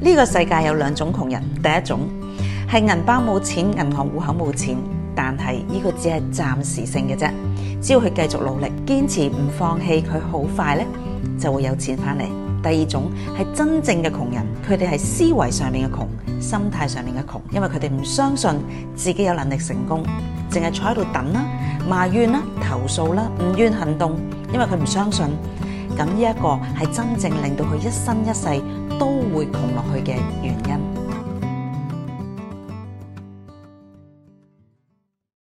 呢個世界有兩種窮人，第一種係銀包冇錢，銀行戶口冇錢，但係呢個只係暫時性嘅啫，只要佢繼續努力，堅持唔放棄，佢好快咧就會有錢翻嚟。第二種係真正嘅窮人，佢哋係思維上面嘅窮，心態上面嘅窮，因為佢哋唔相信自己有能力成功，淨係坐喺度等啦，埋怨啦，投訴啦，唔願行動，因為佢唔相信。咁呢一個係真正令到佢一生一世都會窮落去。